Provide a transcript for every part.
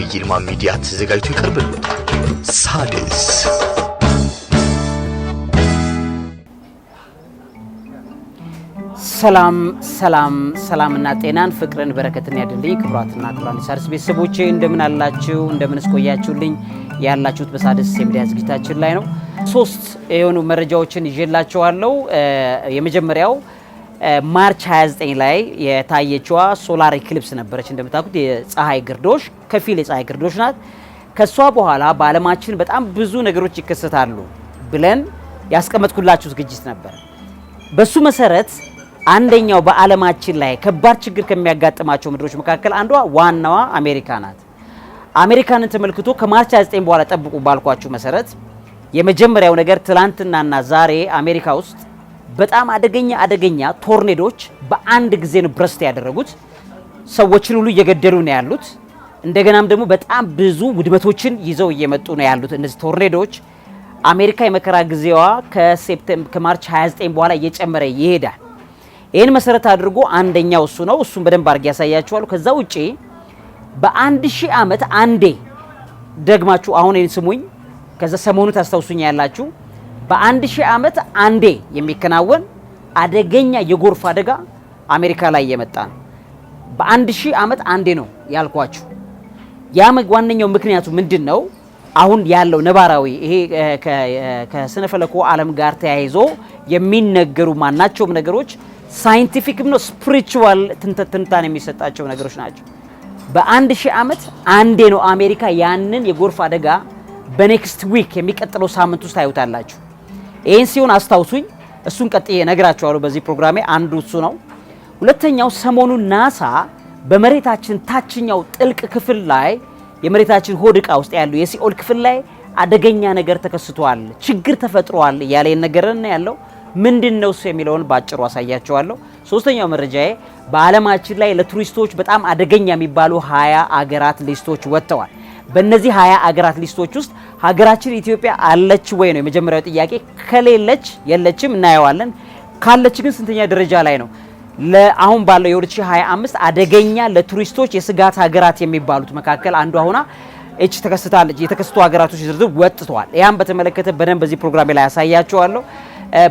በዐቢይ ይልማ ሚዲያ ተዘጋጅቶ ይቀርብልዎታል። ሣድስ ሰላም ሰላም ሰላምና ጤናን ፍቅርን በረከትን ያድልኝ። ክቡራትና ክቡራን የሣድስ ቤተሰቦቼ እንደምን አላችሁ? እንደምን ስቆያችሁልኝ? ያላችሁት በሣድስ የሚዲያ ዝግጅታችን ላይ ነው። ሶስት የሆኑ መረጃዎችን ይዤላችኋለሁ። የመጀመሪያው ማርች 29 ላይ የታየችዋ ሶላር ኢክሊፕስ ነበረች። እንደምታውቁት የፀሐይ ግርዶሽ ከፊል የፀሐይ ግርዶሽ ናት። ከሷ በኋላ በዓለማችን በጣም ብዙ ነገሮች ይከሰታሉ ብለን ያስቀመጥኩላችሁ ዝግጅት ነበር። በሱ መሰረት አንደኛው በዓለማችን ላይ ከባድ ችግር ከሚያጋጥማቸው ምድሮች መካከል አንዷ ዋናዋ አሜሪካ ናት። አሜሪካንን ተመልክቶ ከማርች 29 በኋላ ጠብቁ ባልኳችሁ መሰረት የመጀመሪያው ነገር ትላንትናና ዛሬ አሜሪካ ውስጥ በጣም አደገኛ አደገኛ ቶርኔዶዎች በአንድ ጊዜ ነው ብረስት ያደረጉት። ሰዎችን ሁሉ እየገደሉ ነው ያሉት። እንደገናም ደግሞ በጣም ብዙ ውድመቶችን ይዘው እየመጡ ነው ያሉት እነዚህ ቶርኔዶዎች። አሜሪካ የመከራ ጊዜዋ ከሴፕቴምበር ከማርች 29 በኋላ እየጨመረ ይሄዳል። ይህን መሰረት አድርጎ አንደኛው እሱ ነው። እሱም በደንብ አድርጌ ያሳያችኋሉ ከዛ ውጪ በአንድ ሺህ ዓመት አንዴ ደግማችሁ አሁን ይህን ስሙኝ፣ ከዛ ሰሞኑ ታስታውሱኝ ያላችሁ በአንድ ሺህ ዓመት አንዴ የሚከናወን አደገኛ የጎርፍ አደጋ አሜሪካ ላይ የመጣ ነው። በአንድ ሺህ ዓመት አንዴ ነው ያልኳችሁ። ያ ዋነኛው ምክንያቱ ምንድን ነው? አሁን ያለው ነባራዊ ይሄ ከስነፈለኮ ዓለም ጋር ተያይዞ የሚነገሩ ማናቸውም ነገሮች ሳይንቲፊክም ነው ስፕሪቹዋል ትንታን የሚሰጣቸው ነገሮች ናቸው። በአንድ ሺህ ዓመት አንዴ ነው አሜሪካ ያንን የጎርፍ አደጋ በኔክስት ዊክ የሚቀጥለው ሳምንት ውስጥ ታዩታላችሁ። ይህን ሲሆን አስታውሱኝ። እሱን ቀጥዬ እነግራቸዋለሁ በዚህ ፕሮግራሜ። አንዱ እሱ ነው። ሁለተኛው ሰሞኑን ናሳ በመሬታችን ታችኛው ጥልቅ ክፍል ላይ የመሬታችን ሆድ ዕቃ ውስጥ ያሉ የሲኦል ክፍል ላይ አደገኛ ነገር ተከስቷል፣ ችግር ተፈጥሯል እያለ የነገረን ያለው ምንድን ነው እሱ የሚለውን በአጭሩ አሳያቸዋለሁ። ሶስተኛው መረጃዬ በዓለማችን ላይ ለቱሪስቶች በጣም አደገኛ የሚባሉ ሀያ አገራት ሊስቶች ወጥተዋል። በእነዚህ ሀያ አገራት ሊስቶች ውስጥ ሀገራችን ኢትዮጵያ አለች ወይ ነው የመጀመሪያው ጥያቄ። ከሌለች የለችም፣ እናየዋለን። ካለች ግን ስንተኛ ደረጃ ላይ ነው? አሁን ባለው የ2025 አደገኛ ለቱሪስቶች የስጋት ሀገራት የሚባሉት መካከል አንዷ ሆና እች ተከስታለች። የተከስቱ ሀገራቶች ዝርዝር ወጥተዋል። ያን በተመለከተ በደንብ በዚህ ፕሮግራሜ ላይ ያሳያችኋለሁ።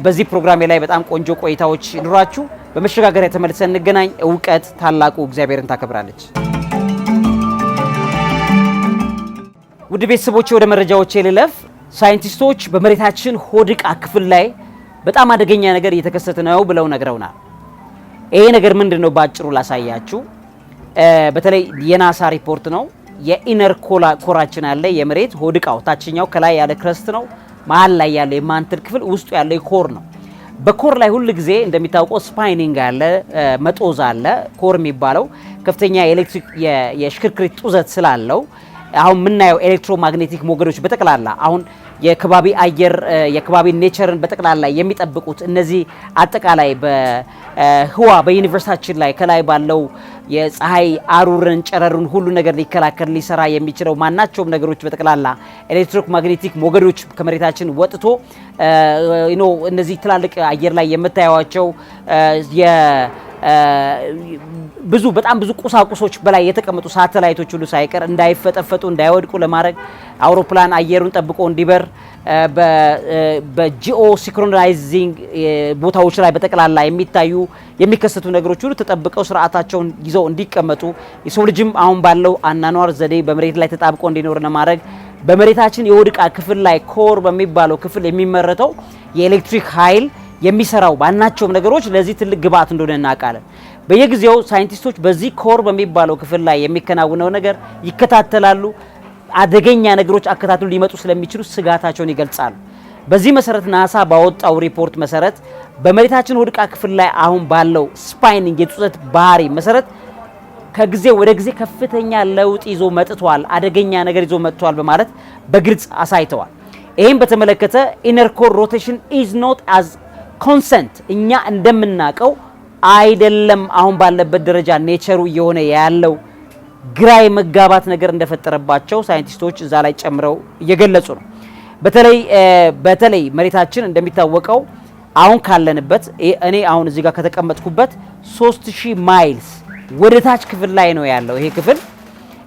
በዚህ ፕሮግራሜ ላይ በጣም ቆንጆ ቆይታዎች ይኑራችሁ። በመሸጋገሪያ ተመልሰን እንገናኝ። እውቀት ታላቁ እግዚአብሔርን ታከብራለች። ውድ ቤተሰቦቼ ወደ መረጃዎች ልለፍ። ሳይንቲስቶች በመሬታችን ሆድ ዕቃ ክፍል ላይ በጣም አደገኛ ነገር እየተከሰተ ነው ብለው ነግረውናል። ይሄ ነገር ምንድን ነው? በአጭሩ ላሳያችሁ። በተለይ የናሳ ሪፖርት ነው። የኢነር ኮራችን ያለ የመሬት ሆድ ዕቃው ታችኛው ከላይ ያለ ክረስት ነው። መሀል ላይ ያለ የማንትል ክፍል ውስጡ ያለ ኮር ነው። በኮር ላይ ሁል ጊዜ እንደሚታወቀው ስፓይኒንግ አለ፣ መጦዝ አለ። ኮር የሚባለው ከፍተኛ የኤሌክትሪክ የሽክርክሪት ጡዘት ስላለው አሁን የምናየው ኤሌክትሮማግኔቲክ ሞገዶች በጠቅላላ አሁን የከባቢ አየር የከባቢ ኔቸርን በጠቅላላ የሚጠብቁት እነዚህ አጠቃላይ በህዋ በዩኒቨርሳችን ላይ ከላይ ባለው የፀሐይ አሩርን ጨረሩን ሁሉ ነገር ሊከላከል ሊሰራ የሚችለው ማናቸውም ነገሮች በጠቅላላ ኤሌክትሮክ ማግኔቲክ ሞገዶች ከመሬታችን ወጥቶ እነዚህ ትላልቅ አየር ላይ የምታየዋቸው ብዙ በጣም ብዙ ቁሳቁሶች በላይ የተቀመጡ ሳተላይቶች ሁሉ ሳይቀር እንዳይፈጠፈጡ እንዳይወድቁ ለማድረግ አውሮፕላን አየሩን ጠብቆ እንዲበር በጂኦ ሲንክሮናይዚንግ ቦታዎች ላይ በጠቅላላ የሚታዩ የሚከሰቱ ነገሮች ሁሉ ተጠብቀው ስርዓታቸውን ይዘው እንዲቀመጡ የሰው ልጅም አሁን ባለው አናኗር ዘዴ በመሬት ላይ ተጣብቆ እንዲኖር ለማድረግ በመሬታችን የወድቃ ክፍል ላይ ኮር በሚባለው ክፍል የሚመረተው የኤሌክትሪክ ኃይል የሚሰራው ባናቸውም ነገሮች ለዚህ ትልቅ ግብዓት እንደሆነ እናውቃለን። በየጊዜው ሳይንቲስቶች በዚህ ኮር በሚባለው ክፍል ላይ የሚከናውነው ነገር ይከታተላሉ። አደገኛ ነገሮች አከታትሉ ሊመጡ ስለሚችሉ ስጋታቸውን ይገልጻሉ። በዚህ መሰረት ናሳ ባወጣው ሪፖርት መሰረት በመሬታችን ወድቃ ክፍል ላይ አሁን ባለው ስፓይኒንግ የጡጠት ባህሪ መሰረት ከጊዜ ወደ ጊዜ ከፍተኛ ለውጥ ይዞ መጥቷል፣ አደገኛ ነገር ይዞ መጥቷል በማለት በግልጽ አሳይተዋል። ይህም በተመለከተ ኢነርኮር ሮቴሽን ኢዝ ኖት አዝ ኮንሰንት እኛ እንደምናውቀው አይደለም። አሁን ባለበት ደረጃ ኔቸሩ እየሆነ ያለው ግራ የመጋባት ነገር እንደፈጠረባቸው ሳይንቲስቶች እዛ ላይ ጨምረው እየገለጹ ነው። በተለይ በተለይ መሬታችን እንደሚታወቀው አሁን ካለንበት እኔ አሁን እዚህ ጋር ከተቀመጥኩበት 3000 ማይልስ ወደ ታች ክፍል ላይ ነው ያለው ይሄ ክፍል።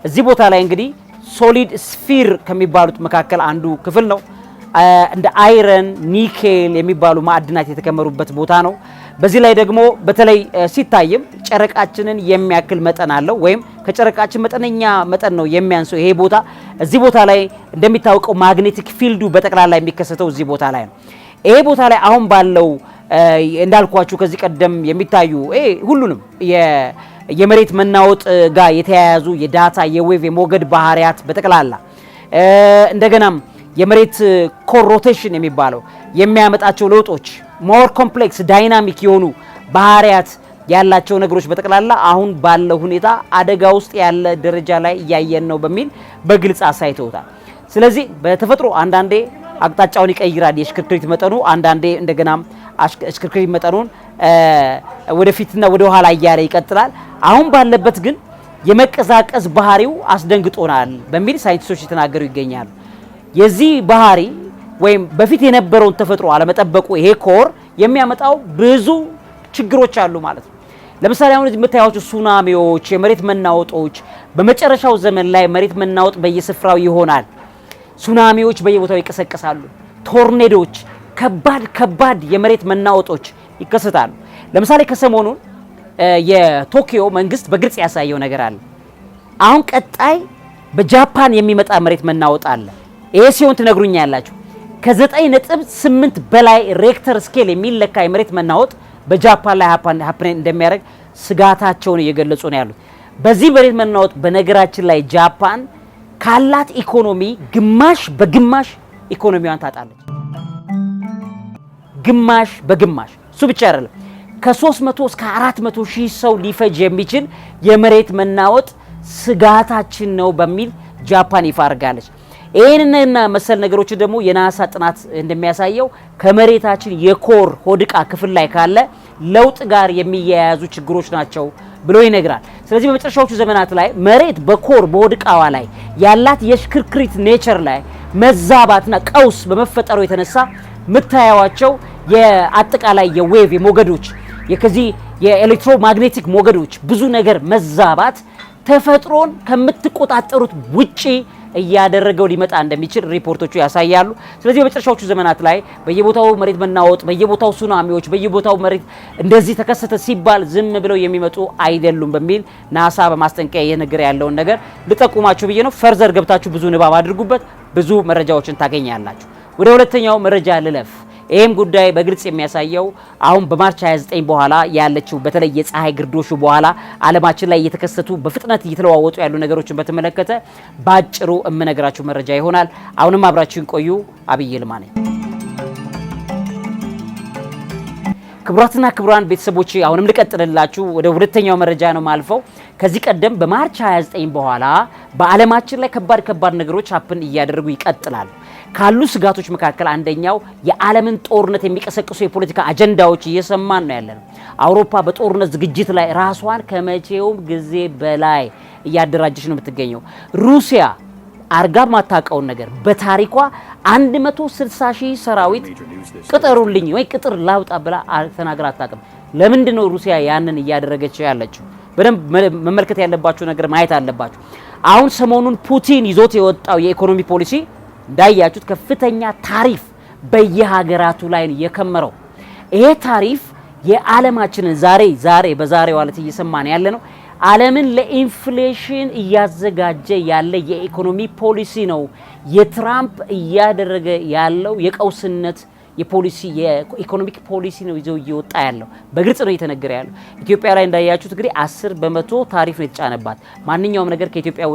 እዚህ ቦታ ላይ እንግዲህ ሶሊድ ስፊር ከሚባሉት መካከል አንዱ ክፍል ነው። እንደ አይረን፣ ኒኬል የሚባሉ ማዕድናት የተከመሩበት ቦታ ነው። በዚህ ላይ ደግሞ በተለይ ሲታይም ጨረቃችንን የሚያክል መጠን አለው ወይም ከጨረቃችን መጠነኛ መጠን ነው የሚያንሰው ይሄ ቦታ። እዚህ ቦታ ላይ እንደሚታወቀው ማግኔቲክ ፊልዱ በጠቅላላ የሚከሰተው እዚህ ቦታ ላይ ነው። ይሄ ቦታ ላይ አሁን ባለው እንዳልኳችሁ ከዚህ ቀደም የሚታዩ ሁሉንም የመሬት መናወጥ ጋር የተያያዙ የዳታ የዌቭ የሞገድ ባህሪያት በጠቅላላ እንደገናም የመሬት ኮር uh, ሮቴሽን የሚባለው የሚያመጣቸው ለውጦች ሞር ኮምፕሌክስ ዳይናሚክ የሆኑ ባህሪያት ያላቸው ነገሮች በጠቅላላ አሁን ባለው ሁኔታ አደጋ ውስጥ ያለ ደረጃ ላይ እያየን ነው በሚል በግልጽ አሳይተውታል። ስለዚህ በተፈጥሮ አንዳንዴ አቅጣጫውን ይቀይራል የሽክርክሪት መጠኑ፣ አንዳንዴ እንደገና ሽክርክሪት መጠኑን uh, ወደፊትና ወደ ኋላ እያለ ይቀጥላል። አሁን ባለበት ግን የመቀዛቀዝ ባህሪው አስደንግጦናል በሚል ሳይንቲስቶች የተናገሩ ይገኛሉ። የዚህ ባህሪ ወይም በፊት የነበረውን ተፈጥሮ አለመጠበቁ ይሄ ኮር የሚያመጣው ብዙ ችግሮች አሉ ማለት ነው። ለምሳሌ አሁን የምታያቸው ሱናሚዎች፣ የመሬት መናወጦች በመጨረሻው ዘመን ላይ መሬት መናወጥ በየስፍራው ይሆናል። ሱናሚዎች በየቦታው ይቀሰቀሳሉ። ቶርኔዶች ከባድ ከባድ የመሬት መናወጦች ይከሰታሉ። ለምሳሌ ከሰሞኑን የቶኪዮ መንግስት በግልጽ ያሳየው ነገር አለ። አሁን ቀጣይ በጃፓን የሚመጣ መሬት መናወጥ አለ። ይሄ ሲሆን ትነግሩኛ ያላችሁ ከዘጠኝ ነጥብ ስምንት በላይ ሬክተር ስኬል የሚለካ የመሬት መናወጥ በጃፓን ላይ ሀፕኔት እንደሚያደርግ ስጋታቸውን እየገለጹ ነው ያሉት። በዚህ መሬት መናወጥ በነገራችን ላይ ጃፓን ካላት ኢኮኖሚ ግማሽ በግማሽ ኢኮኖሚዋን ታጣለች። ግማሽ በግማሽ እሱ ብቻ አይደለም። ከ300 እስከ 400 ሺህ ሰው ሊፈጅ የሚችል የመሬት መናወጥ ስጋታችን ነው በሚል ጃፓን ይፋ አድርጋለች። ይህንንና መሰል ነገሮችን ደግሞ የናሳ ጥናት እንደሚያሳየው ከመሬታችን የኮር ሆድቃ ክፍል ላይ ካለ ለውጥ ጋር የሚያያዙ ችግሮች ናቸው ብሎ ይነግራል። ስለዚህ በመጨረሻዎቹ ዘመናት ላይ መሬት በኮር በሆድቃዋ ላይ ያላት የሽክርክሪት ኔቸር ላይ መዛባትና ቀውስ በመፈጠሩ የተነሳ ምታያዋቸው የአጠቃላይ የዌቭ የሞገዶች የከዚህ የኤሌክትሮማግኔቲክ ሞገዶች ብዙ ነገር መዛባት ተፈጥሮን ከምትቆጣጠሩት ውጪ እያደረገው ሊመጣ እንደሚችል ሪፖርቶቹ ያሳያሉ። ስለዚህ በመጨረሻዎቹ ዘመናት ላይ በየቦታው መሬት መናወጥ፣ በየቦታው ሱናሚዎች፣ በየቦታው መሬት እንደዚህ ተከሰተ ሲባል ዝም ብለው የሚመጡ አይደሉም በሚል ናሳ በማስጠንቀቂያ እየነገረ ያለውን ነገር ልጠቁማችሁ ብዬ ነው። ፈርዘር ገብታችሁ ብዙ ንባብ አድርጉበት፣ ብዙ መረጃዎችን ታገኛላችሁ። ወደ ሁለተኛው መረጃ ልለፍ። ይህም ጉዳይ በግልጽ የሚያሳየው አሁን በማርች 29 በኋላ ያለችው በተለይ የፀሐይ ግርዶሹ በኋላ ዓለማችን ላይ እየተከሰቱ በፍጥነት እየተለዋወጡ ያሉ ነገሮችን በተመለከተ በአጭሩ የምነግራችሁ መረጃ ይሆናል። አሁንም አብራችሁን ቆዩ። አብይ ልማ ነኝ። ክቡራትና ክቡራን ቤተሰቦች አሁንም ልቀጥልላችሁ። ወደ ሁለተኛው መረጃ ነው ማልፈው። ከዚህ ቀደም በማርች 29 በኋላ በዓለማችን ላይ ከባድ ከባድ ነገሮች ሀፕን እያደረጉ ይቀጥላል። ካሉ ስጋቶች መካከል አንደኛው የዓለምን ጦርነት የሚቀሰቅሱ የፖለቲካ አጀንዳዎች እየሰማን ነው ያለን። አውሮፓ በጦርነት ዝግጅት ላይ ራሷን ከመቼውም ጊዜ በላይ እያደራጀች ነው የምትገኘው። ሩሲያ አርጋ ማታቀውን ነገር በታሪኳ 160 ሺህ ሰራዊት ቅጠሩልኝ ወይ ቅጥር ላውጣ ብላ ተናግር አታውቅም። ለምንድን ነው ሩሲያ ያንን እያደረገች ያለችው? በደንብ መመልከት ያለባችሁ ነገር ማየት አለባችሁ። አሁን ሰሞኑን ፑቲን ይዞት የወጣው የኢኮኖሚ ፖሊሲ እንዳያችሁት ከፍተኛ ታሪፍ በየሀገራቱ ላይ የከመረው ይሄ ታሪፍ የዓለማችንን ዛሬ ዛሬ በዛሬ ዋለት እየሰማን ያለ ነው። ዓለምን ለኢንፍሌሽን እያዘጋጀ ያለ የኢኮኖሚ ፖሊሲ ነው። የትራምፕ እያደረገ ያለው የቀውስነት የፖሊሲ የኢኮኖሚክ ፖሊሲ ነው ይዘው እየወጣ ያለው በግልጽ ነው እየተነገረ ያለው። ኢትዮጵያ ላይ እንዳያችሁት እንግዲህ አስር በመቶ ታሪፍ ነው የተጫነባት። ማንኛውም ነገር ከኢትዮጵያ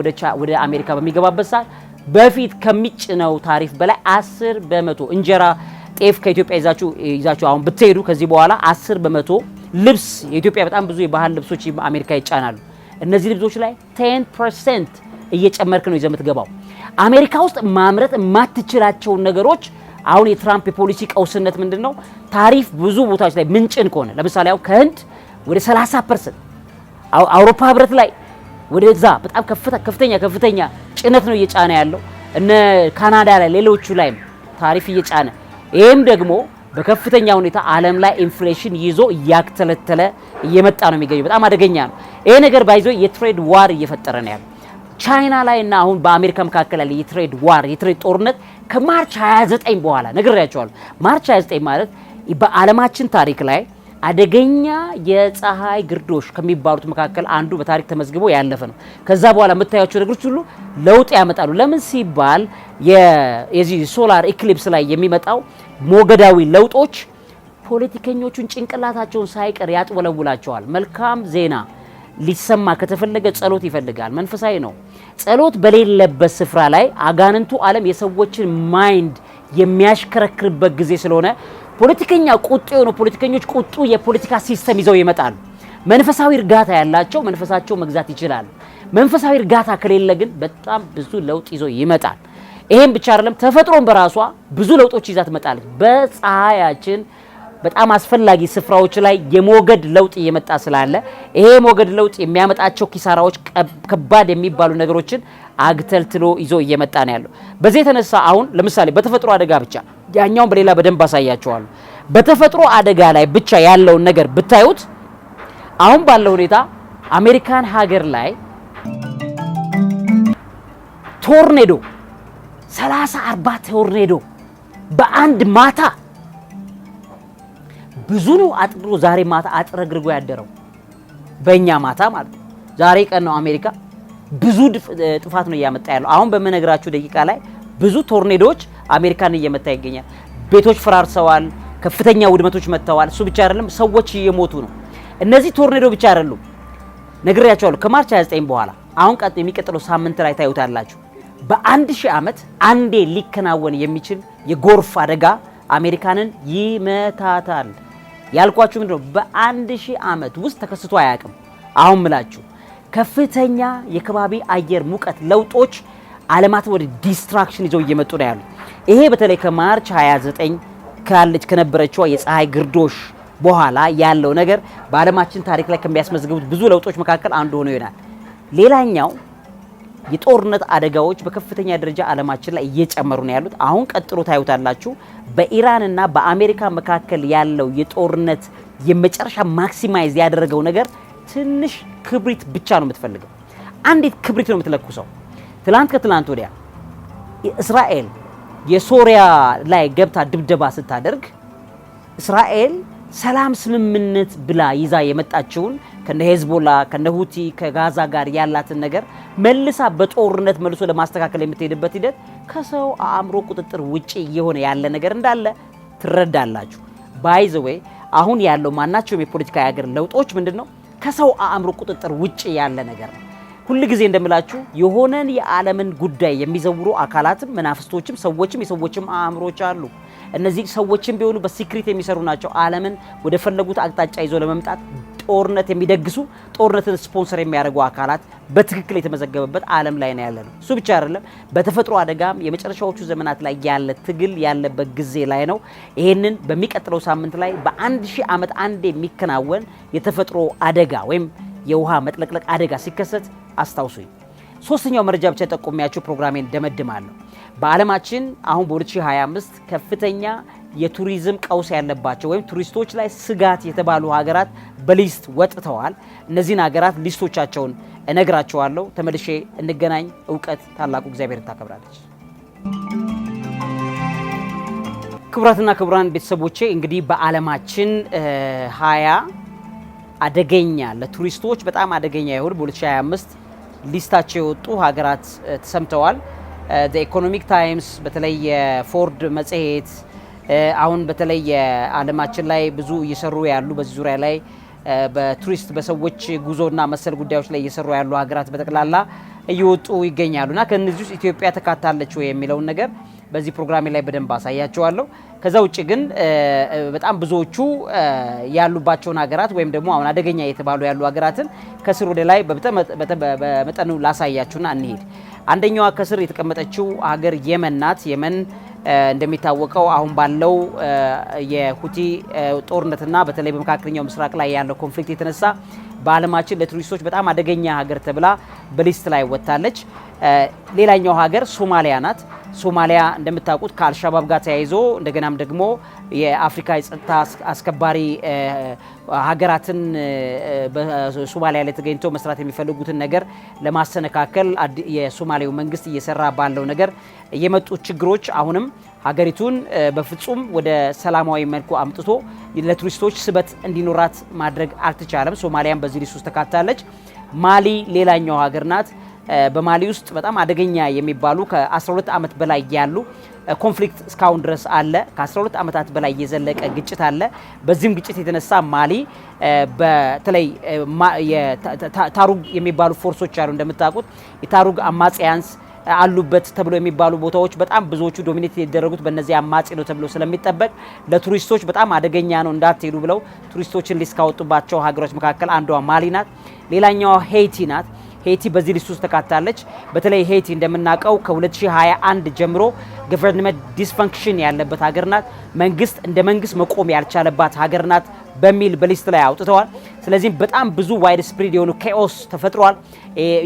ወደ አሜሪካ በሚገባበት ሰዓት በፊት ከሚጭነው ታሪፍ በላይ አስር በመቶ እንጀራ፣ ጤፍ ከኢትዮጵያ ይዛችሁ ይዛችሁ አሁን ብትሄዱ ከዚህ በኋላ አስር በመቶ ልብስ የኢትዮጵያ በጣም ብዙ የባህል ልብሶች አሜሪካ ይጫናሉ። እነዚህ ልብሶች ላይ ቴን እየጨመርክ ነው ይዘህ የምትገባው። አሜሪካ ውስጥ ማምረት የማትችላቸውን ነገሮች አሁን የትራምፕ የፖሊሲ ቀውስነት ምንድን ነው? ታሪፍ ብዙ ቦታዎች ላይ ምንጭን ከሆነ ለምሳሌ አሁን ከህንድ ወደ 30 ፐርሰንት አውሮፓ ህብረት ላይ ወደዛ በጣም ከፍተኛ ከፍተኛ ጭነት ነው እየጫነ ያለው እነ ካናዳ ላይ ሌሎቹ ላይም ታሪፍ እየጫነ ይህም ደግሞ በከፍተኛ ሁኔታ ዓለም ላይ ኢንፍሌሽን ይዞ እያተለተለ እየመጣ ነው የሚገኘው። በጣም አደገኛ ነው ይሄ ነገር ባይዞ የትሬድ ዋር እየፈጠረ ነው ያለው ቻይና ላይ እና አሁን በአሜሪካ መካከል ያለ የትሬድ ዋር የትሬድ ጦርነት ከማርች 29 በኋላ ነግሬያቸዋለሁ። ማርች 29 ማለት በዓለማችን ታሪክ ላይ አደገኛ የፀሐይ ግርዶሽ ከሚባሉት መካከል አንዱ በታሪክ ተመዝግቦ ያለፈ ነው። ከዛ በኋላ የምታያቸው ነገሮች ሁሉ ለውጥ ያመጣሉ። ለምን ሲባል የዚህ ሶላር ኢክሊፕስ ላይ የሚመጣው ሞገዳዊ ለውጦች ፖለቲከኞቹን ጭንቅላታቸውን ሳይቀር ያጥወለውላቸዋል። መልካም ዜና ሊሰማ ከተፈለገ ጸሎት ይፈልጋል። መንፈሳዊ ነው። ጸሎት በሌለበት ስፍራ ላይ አጋንንቱ ዓለም የሰዎችን ማይንድ የሚያሽከረክርበት ጊዜ ስለሆነ ፖለቲከኛ ቁጡ የሆኑ ፖለቲከኞች ቁጡ የፖለቲካ ሲስተም ይዘው ይመጣሉ። መንፈሳዊ እርጋታ ያላቸው መንፈሳቸው መግዛት ይችላሉ። መንፈሳዊ እርጋታ ከሌለ ግን በጣም ብዙ ለውጥ ይዞ ይመጣል። ይሄም ብቻ አይደለም፣ ተፈጥሮን በራሷ ብዙ ለውጦች ይዛ ትመጣለች። በፀሐያችን በጣም አስፈላጊ ስፍራዎች ላይ የሞገድ ለውጥ እየመጣ ስላለ ይሄ የሞገድ ለውጥ የሚያመጣቸው ኪሳራዎች ከባድ የሚባሉ ነገሮችን አግተልትሎ ይዞ እየመጣ ነው ያለው። በዚህ የተነሳ አሁን ለምሳሌ በተፈጥሮ አደጋ ብቻ ያኛውን በሌላ በደንብ አሳያቸዋለሁ። በተፈጥሮ አደጋ ላይ ብቻ ያለውን ነገር ብታዩት አሁን ባለው ሁኔታ አሜሪካን ሀገር ላይ ቶርኔዶ 30 40 ቶርኔዶ በአንድ ማታ ብዙ ነው አጥሮ ዛሬ ማታ አጥረግርጎ ያደረው በእኛ ማታ ማለት ነው። ዛሬ ቀን ነው አሜሪካ ብዙ ጥፋት ነው እያመጣ ያለው። አሁን በምነግራችሁ ደቂቃ ላይ ብዙ ቶርኔዶዎች አሜሪካን እየመታ ይገኛል። ቤቶች ፈራርሰዋል። ከፍተኛ ውድመቶች መጥተዋል። እሱ ብቻ አይደለም፣ ሰዎች እየሞቱ ነው። እነዚህ ቶርኔዶ ብቻ አይደሉም። ነግሬያቸዋለሁ። ከማርች 29 በኋላ አሁን ቀጥ የሚቀጥለው ሳምንት ላይ ታዩታላችሁ። በአንድ ሺህ ዓመት አንዴ ሊከናወን የሚችል የጎርፍ አደጋ አሜሪካንን ይመታታል። ያልኳችሁ ምንድነው? በአንድ ሺህ ዓመት ውስጥ ተከስቶ አያውቅም። አሁን ምላችሁ ከፍተኛ የከባቢ አየር ሙቀት ለውጦች ዓለማትን ወደ ዲስትራክሽን ይዘው እየመጡ ነው ያሉት። ይሄ በተለይ ከማርች 29 ካለች ከነበረችዋ የፀሐይ ግርዶሽ በኋላ ያለው ነገር በዓለማችን ታሪክ ላይ ከሚያስመዝግቡት ብዙ ለውጦች መካከል አንዱ ሆኖ ይሆናል። ሌላኛው የጦርነት አደጋዎች በከፍተኛ ደረጃ ዓለማችን ላይ እየጨመሩ ነው ያሉት። አሁን ቀጥሎ ታዩታላችሁ። በኢራንና በአሜሪካ መካከል ያለው የጦርነት የመጨረሻ ማክሲማይዝ ያደረገው ነገር ትንሽ ክብሪት ብቻ ነው የምትፈልገው። አንዲት ክብሪት ነው የምትለኩሰው። ትላንት ከትላንት ወዲያ እስራኤል የሶሪያ ላይ ገብታ ድብደባ ስታደርግ እስራኤል ሰላም ስምምነት ብላ ይዛ የመጣችውን ከነ ሄዝቦላ ከነ ሁቲ ከጋዛ ጋር ያላትን ነገር መልሳ በጦርነት መልሶ ለማስተካከል የምትሄድበት ሂደት ከሰው አእምሮ ቁጥጥር ውጪ እየሆነ ያለ ነገር እንዳለ ትረዳላችሁ። ባይዘወይ አሁን ያለው ማናቸውም የፖለቲካ የሀገር ለውጦች ምንድን ነው? ከሰው አእምሮ ቁጥጥር ውጪ ያለ ነገር ነው። ሁል ጊዜ እንደምላችሁ የሆነን የዓለምን ጉዳይ የሚዘውሩ አካላትም መናፍስቶችም ሰዎችም የሰዎችም አእምሮች አሉ። እነዚህ ሰዎችም ቢሆኑ በሲክሪት የሚሰሩ ናቸው። ዓለምን ወደ ፈለጉት አቅጣጫ ይዞ ለመምጣት ጦርነት የሚደግሱ ጦርነትን ስፖንሰር የሚያደርጉ አካላት በትክክል የተመዘገበበት ዓለም ላይ ነው ያለ ነው። እሱ ብቻ አይደለም፣ በተፈጥሮ አደጋም የመጨረሻዎቹ ዘመናት ላይ ያለ ትግል ያለበት ጊዜ ላይ ነው። ይህንን በሚቀጥለው ሳምንት ላይ በአንድ ሺህ ዓመት አንድ የሚከናወን የተፈጥሮ አደጋ ወይም የውሃ መጥለቅለቅ አደጋ ሲከሰት አስታውሱኝ። ሶስተኛው መረጃ ብቻ ጠቆሚያችሁ ፕሮግራሜን ደመድማለሁ። በዓለማችን አሁን በ2025 ከፍተኛ የቱሪዝም ቀውስ ያለባቸው ወይም ቱሪስቶች ላይ ስጋት የተባሉ ሀገራት በሊስት ወጥተዋል። እነዚህን ሀገራት ሊስቶቻቸውን እነግራቸዋለሁ። ተመልሼ እንገናኝ። እውቀት ታላቁ እግዚአብሔር ታከብራለች። ክቡራትና ክቡራን ቤተሰቦቼ እንግዲህ በዓለማችን ሀያ አደገኛ ለቱሪስቶች በጣም አደገኛ የሆኑ በ2025 ሊስታቸው የወጡ ሀገራት ተሰምተዋል። ኢኮኖሚክ ታይምስ በተለይ የፎርድ መጽሔት አሁን በተለይ የዓለማችን ላይ ብዙ እየሰሩ ያሉ በዚህ ዙሪያ ላይ በቱሪስት በሰዎች ጉዞና መሰል ጉዳዮች ላይ እየሰሩ ያሉ ሀገራት በጠቅላላ እየወጡ ይገኛሉ እና ከእነዚህ ውስጥ ኢትዮጵያ ተካታለች የሚለውን ነገር በዚህ ፕሮግራሜ ላይ በደንብ አሳያቸዋለሁ። ከዛ ውጭ ግን በጣም ብዙዎቹ ያሉባቸውን ሀገራት ወይም ደግሞ አሁን አደገኛ የተባሉ ያሉ ሀገራትን ከስር ወደ ላይ በመጠኑ ላሳያችሁና እንሄድ። አንደኛዋ ከስር የተቀመጠችው ሀገር የመን ናት። የመን እንደሚታወቀው አሁን ባለው የሁቲ ጦርነትና በተለይ በመካከለኛው ምስራቅ ላይ ያለው ኮንፍሊክት የተነሳ በዓለማችን ለቱሪስቶች በጣም አደገኛ ሀገር ተብላ በሊስት ላይ ወጥታለች። ሌላኛው ሀገር ሶማሊያ ናት። ሶማሊያ እንደምታውቁት ከአልሻባብ ጋር ተያይዞ እንደገናም ደግሞ የአፍሪካ የጸጥታ አስከባሪ ሀገራትን በሶማሊያ ላይ ተገኝተው መስራት የሚፈልጉትን ነገር ለማሰነካከል የሶማሌው መንግስት እየሰራ ባለው ነገር የመጡት ችግሮች አሁንም ሀገሪቱን በፍጹም ወደ ሰላማዊ መልኩ አምጥቶ ለቱሪስቶች ስበት እንዲኖራት ማድረግ አልተቻለም። ሶማሊያም በዚህ ሊስት ውስጥ ተካታለች። ማሊ ሌላኛው ሀገር ናት። በማሊ ውስጥ በጣም አደገኛ የሚባሉ ከ12 ዓመት በላይ ያሉ ኮንፍሊክት እስካሁን ድረስ አለ። ከ12 ዓመታት በላይ የዘለቀ ግጭት አለ። በዚህም ግጭት የተነሳ ማሊ በተለይ ታሩግ የሚባሉ ፎርሶች አሉ እንደምታውቁት የታሩግ አማጽያንስ አሉበት ተብሎ የሚባሉ ቦታዎች በጣም ብዙዎቹ ዶሚኔት የደረጉት በእነዚህ አማጺ ነው ተብሎ ስለሚጠበቅ ለቱሪስቶች በጣም አደገኛ ነው እንዳትሄዱ ብለው ቱሪስቶችን ሊስት ካወጡባቸው ሀገሮች መካከል አንዷ ማሊ ናት። ሌላኛዋ ሄይቲ ናት። ሄይቲ በዚህ ሊስት ውስጥ ተካታለች። በተለይ ሄይቲ እንደምናውቀው ከ2021 ጀምሮ ገቨርንመንት ዲስፈንክሽን ያለበት ሀገር ናት። መንግስት እንደ መንግስት መቆም ያልቻለባት ሀገር ናት በሚል በሊስት ላይ አውጥተዋል። ስለዚህም በጣም ብዙ ዋይድ ስፕሪድ የሆኑ ኬኦስ ተፈጥሯል።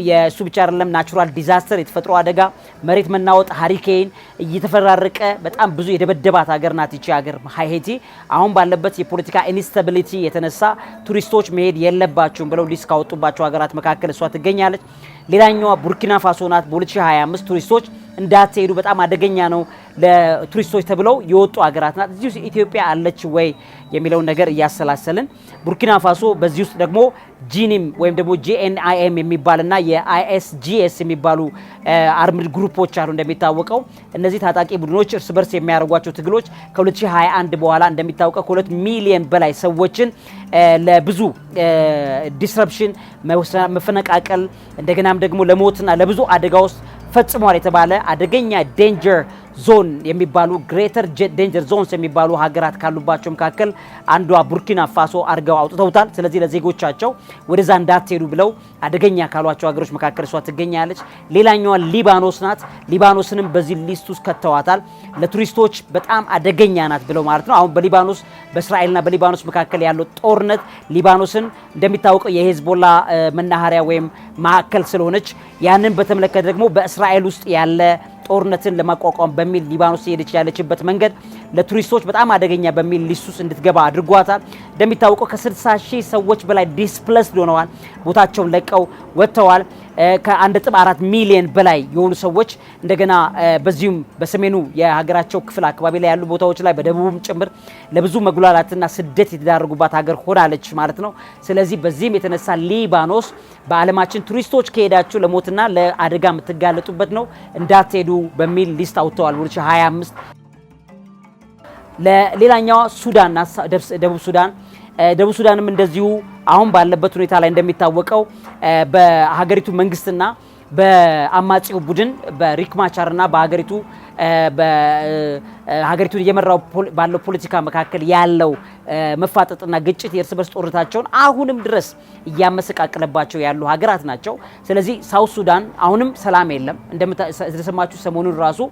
የእሱ ብቻ አይደለም፣ ናቹራል ዲዛስተር፣ የተፈጥሮ አደጋ፣ መሬት መናወጥ፣ ሀሪኬን እየተፈራረቀ በጣም ብዙ የደበደባት ሀገር ናት ይቺ ሀገር ሀይቲ። አሁን ባለበት የፖለቲካ ኢንስታቢሊቲ የተነሳ ቱሪስቶች መሄድ የለባቸውም ብለው ሊስ ካወጡባቸው ሀገራት መካከል እሷ ትገኛለች። ሌላኛዋ ቡርኪና ፋሶ ናት። በ2025 ቱሪስቶች እንዳትሄዱ በጣም አደገኛ ነው ለቱሪስቶች ተብለው የወጡ ሀገራት ናት። እዚህ ኢትዮጵያ አለች ወይ የሚለውን ነገር እያሰላሰልን ቡርኪና ፋሶ ከዚህ ውስጥ ደግሞ ጂኒም ወይም ደግሞ ጂኤንአይኤም የሚባልና የአይኤስጂኤስ የሚባሉ አርምድ ግሩፖች አሉ። እንደሚታወቀው እነዚህ ታጣቂ ቡድኖች እርስ በርስ የሚያደርጓቸው ትግሎች ከ2021 በኋላ እንደሚታወቀው ከ2 ሚሊየን በላይ ሰዎችን ለብዙ ዲስረፕሽን፣ መፈነቃቀል እንደገናም ደግሞ ለሞትና ለብዙ አደጋ ውስጥ ፈጽሟል የተባለ አደገኛ ዴንጀር ዞን የሚባሉ ግሬተር ዴንጀር ዞንስ የሚባሉ ሀገራት ካሉባቸው መካከል አንዷ ቡርኪና ፋሶ አድርገው አውጥተውታል። ስለዚህ ለዜጎቻቸው ወደዛ እንዳትሄዱ ብለው አደገኛ ካሏቸው ሀገሮች መካከል እሷ ትገኛለች። ሌላኛዋ ሊባኖስ ናት። ሊባኖስንም በዚህ ሊስት ውስጥ ከተዋታል። ለቱሪስቶች በጣም አደገኛ ናት ብለው ማለት ነው። አሁን በሊባኖስ በእስራኤልና በሊባኖስ መካከል ያለው ጦርነት ሊባኖስን እንደሚታወቀው የሄዝቦላ መናኸሪያ ወይም ማዕከል ስለሆነች ያንን በተመለከተ ደግሞ በእስራኤል ውስጥ ያለ ጦርነትን ለማቋቋም በሚል ሊባኖስ ሄደች ያለችበት መንገድ ለቱሪስቶች በጣም አደገኛ በሚል ሊሱስ እንድትገባ አድርጓታል። እንደሚታወቀው ከ60 ሺህ ሰዎች በላይ ዲስፕለስድ ሆነዋል፣ ቦታቸውን ለቀው ወጥተዋል። ከ1.4 ሚሊዮን በላይ የሆኑ ሰዎች እንደገና በዚሁም በሰሜኑ የሀገራቸው ክፍል አካባቢ ላይ ያሉ ቦታዎች ላይ በደቡብም ጭምር ለብዙ መጉላላትና ስደት የተዳረጉባት ሀገር ሆናለች ማለት ነው። ስለዚህ በዚህም የተነሳ ሊባኖስ በዓለማችን ቱሪስቶች ከሄዳችሁ ለሞትና ለአደጋ የምትጋለጡበት ነው እንዳትሄዱ በሚል ሊስት አውጥተዋል 2025 ለሌላኛዋ ሱዳንና ደቡብ ሱዳን ደቡብ ሱዳንም እንደዚሁ አሁን ባለበት ሁኔታ ላይ እንደሚታወቀው በሀገሪቱ መንግስትና በአማጺው ቡድን በሪክ ማቻርና በሀገሪቱ ሀገሪቱን እየመራው ባለው ፖለቲካ መካከል ያለው መፋጠጥና ግጭት የእርስ በርስ ጦርነታቸውን አሁንም ድረስ እያመሰቃቅለባቸው ያሉ ሀገራት ናቸው። ስለዚህ ሳውት ሱዳን አሁንም ሰላም የለም። እንደሰማችሁ ሰሞኑን ራሱ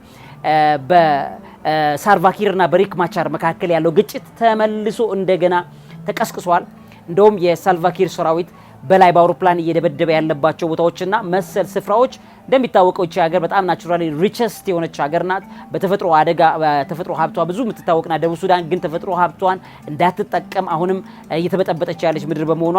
በሳልቫኪርና በሪክ ማቻር መካከል ያለው ግጭት ተመልሶ እንደገና ተቀስቅሷል። እንደውም የሳልቫኪር ሰራዊት በላይ በአውሮፕላን እየደበደበ ያለባቸው ቦታዎችና መሰል ስፍራዎች እንደሚታወቀው እቺ ሀገር በጣም ናቹራሊ ሪቸስት የሆነች ሀገር ናት። በተፈጥሮ አደጋ በተፈጥሮ ሀብቷ ብዙ የምትታወቅና ደቡብ ሱዳን ግን ተፈጥሮ ሀብቷን እንዳትጠቀም አሁንም እየተበጠበጠች ያለች ምድር በመሆኗ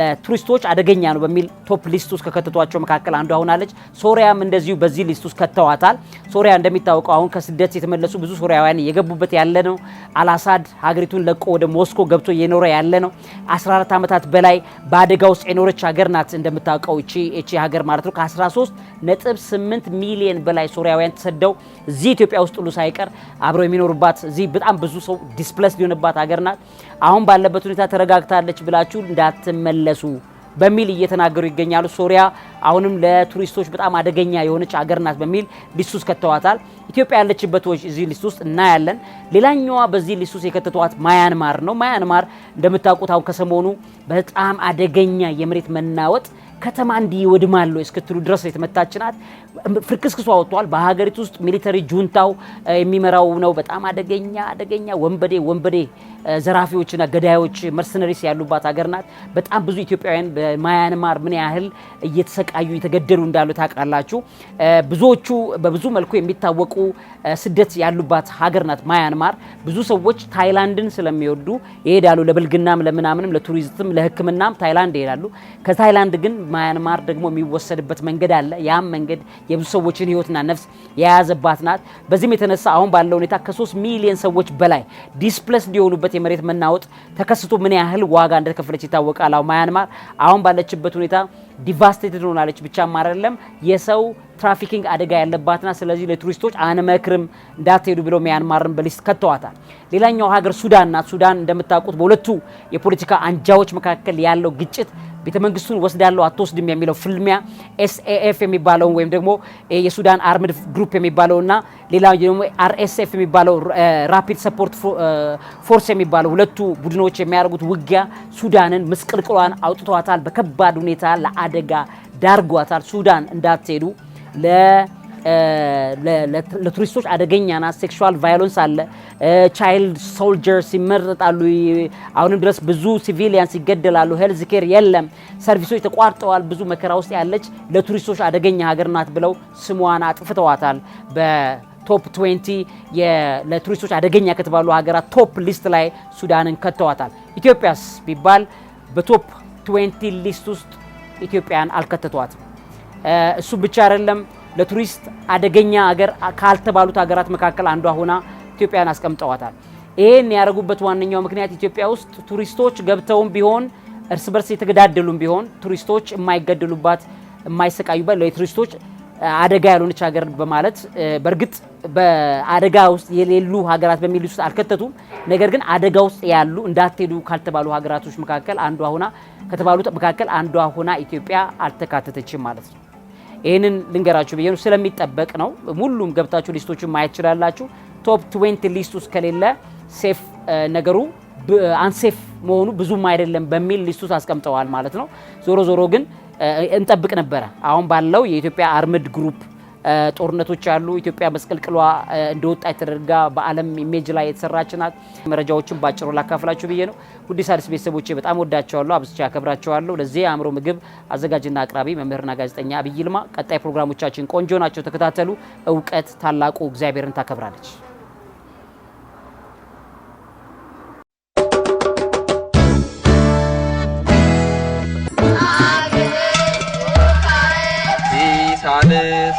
ለቱሪስቶች አደገኛ ነው በሚል ቶፕ ሊስት ውስጥ ከከተቷቸው መካከል አንዱ አሁናለች። ሶሪያም እንደዚሁ በዚህ ሊስት ውስጥ ከተዋታል። ሶሪያ እንደሚታወቀው አሁን ከስደት የተመለሱ ብዙ ሶሪያውያን እየገቡበት ያለ ነው። አልአሳድ ሀገሪቱን ለቆ ወደ ሞስኮ ገብቶ እየኖረ ያለ ነው። 14 ዓመታት በላይ በአደጋ ውስጥ የኖረች ሀገር ናት እንደምታውቀው እቺ ሀገር ማለት ነው ከ 8 ሚሊዮን በላይ ሶሪያውያን ተሰደው እዚህ ኢትዮጵያ ውስጥ ሁሉ ሳይቀር አብረው የሚኖሩባት እዚህ በጣም ብዙ ሰው ዲስፕለስ ሊሆንባት ሀገር ናት። አሁን ባለበት ሁኔታ ተረጋግታለች ብላችሁ እንዳትመለሱ በሚል እየተናገሩ ይገኛሉ። ሶሪያ አሁንም ለቱሪስቶች በጣም አደገኛ የሆነች ሀገር ናት በሚል ሊስት ውስጥ ከተዋታል። ኢትዮጵያ ያለችበት እዚህ ሊስት ውስጥ እናያለን። ሌላኛዋ በዚህ ሊስት ውስጥ የከተተዋት ማያንማር ነው። ማያንማር እንደምታውቁት አሁን ከሰሞኑ በጣም አደገኛ የመሬት መናወጥ ከተማ እንዲህ ወድማለሁ እስክትሉ ድረስ የተመታች ናት። ፍርክስክሱ አወጥቷል። በሀገሪቱ ውስጥ ሚሊተሪ ጁንታው የሚመራው ነው። በጣም አደገኛ አደገኛ ወንበዴ ወንበዴ ዘራፊዎችና ገዳዮች መርሰነሪስ ያሉባት ሀገር ናት። በጣም ብዙ ኢትዮጵያውያን በማያንማር ምን ያህል እየተሰቃዩ እየተገደሉ እንዳሉ ታውቃላችሁ። ብዙዎቹ በብዙ መልኩ የሚታወቁ ስደት ያሉባት ሀገር ናት ማያንማር። ብዙ ሰዎች ታይላንድን ስለሚወዱ ይሄዳሉ፣ ለብልግናም፣ ለምናምንም፣ ለቱሪስትም፣ ለሕክምናም ታይላንድ ይሄዳሉ። ከታይላንድ ግን ማያንማር ደግሞ የሚወሰድበት መንገድ አለ። ያም መንገድ የብዙ ሰዎችን ህይወትና ነፍስ የያዘባት ናት። በዚህም የተነሳ አሁን ባለው ሁኔታ ከ3 ሚሊዮን ሰዎች በላይ ዲስፕለስ እንዲሆኑበት የመሬት መናወጥ ተከስቶ ምን ያህል ዋጋ እንደተከፈለች ይታወቃል። አሁ ማያንማር አሁን ባለችበት ሁኔታ ዲቫስቴትድ ሆናለች። ብቻ ማረለም የሰው ትራፊኪንግ አደጋ ያለባትና ስለዚህ ለቱሪስቶች አንመክርም እንዳትሄዱ ብለው ሚያንማርን በሊስት ከተዋታል። ሌላኛው ሀገር ሱዳን ናት። ሱዳን እንደምታውቁት በሁለቱ የፖለቲካ አንጃዎች መካከል ያለው ግጭት ቤተ መንግስቱን ወስዳለሁ አትወስድም የሚለው ፍልሚያ ኤስኤኤፍ የሚባለውን ወይም ደግሞ የሱዳን አርምድ ግሩፕ የሚባለውና ሌላው ደግሞ አርኤስኤፍ የሚባለው ራፒድ ሰፖርት ፎርስ የሚባለው ሁለቱ ቡድኖች የሚያደርጉት ውጊያ ሱዳንን ምስቅልቅሏን አውጥቷታል። በከባድ ሁኔታ ለአደጋ ዳርጓታል። ሱዳን እንዳትሄዱ ለቱሪስቶች አደገኛ ናት። ሴክሹዋል ቫዮለንስ አለ። ቻይልድ ሶልጀርስ ይመረጣሉ። አሁንም ድረስ ብዙ ሲቪሊያንስ ይገደላሉ። ሄልዝ ኬር የለም። ሰርቪሶች ተቋርጠዋል። ብዙ መከራ ውስጥ ያለች ለቱሪስቶች አደገኛ ሀገር ናት ብለው ስሟን አጥፍተዋታል። በቶፕ 20 ለቱሪስቶች አደገኛ ከተባሉ ሀገራት ቶፕ ሊስት ላይ ሱዳንን ከተዋታል። ኢትዮጵያስ ቢባል በቶፕ 20 ሊስት ውስጥ ኢትዮጵያን አልከተቷትም። እሱ ብቻ አይደለም። ለቱሪስት አደገኛ ሀገር ካልተባሉት ሀገራት መካከል አንዷ ሆና ኢትዮጵያን አስቀምጠዋታል። ይህን ያደረጉበት ዋነኛው ምክንያት ኢትዮጵያ ውስጥ ቱሪስቶች ገብተውም ቢሆን እርስ በርስ የተገዳደሉም ቢሆን ቱሪስቶች የማይገደሉባት የማይሰቃዩባት ለቱሪስቶች አደጋ ያልሆነች ሀገር በማለት በእርግጥ በአደጋ ውስጥ የሌሉ ሀገራት በሚል ውስጥ አልከተቱም። ነገር ግን አደጋ ውስጥ ያሉ እንዳትሄዱ ካልተባሉ ሀገራቶች መካከል አንዷ ሆና ከተባሉት መካከል አንዷ ሆና ኢትዮጵያ አልተካተተችም ማለት ነው። ይህንን ልንገራችሁ ብዬ ነው። ስለሚጠበቅ ነው። ሙሉም ገብታችሁ ሊስቶችን ማየት ትችላላችሁ። ቶፕ 20 ሊስት ውስጥ ከሌለ ሴፍ ነገሩ አንሴፍ መሆኑ ብዙም አይደለም በሚል ሊስት ውስጥ አስቀምጠዋል ማለት ነው። ዞሮ ዞሮ ግን እንጠብቅ ነበረ አሁን ባለው የኢትዮጵያ አርምድ ግሩፕ ጦርነቶች አሉ። ኢትዮጵያ መስቀልቅሏ እንደወጣ የተደርጋ በዓለም ኢሜጅ ላይ የተሰራች ናት። መረጃዎችን ባጭሩ ላካፍላችሁ ብዬ ነው። ውድ ሣድስ ቤተሰቦቼ በጣም ወዳቸዋለሁ፣ አብዝቼ ያከብራቸዋለሁ። ለዚህ የአእምሮ ምግብ አዘጋጅና አቅራቢ መምህርና ጋዜጠኛ አብይ ይልማ። ቀጣይ ፕሮግራሞቻችን ቆንጆ ናቸው፣ ተከታተሉ። እውቀት ታላቁ እግዚአብሔርን ታከብራለች። ሳልስ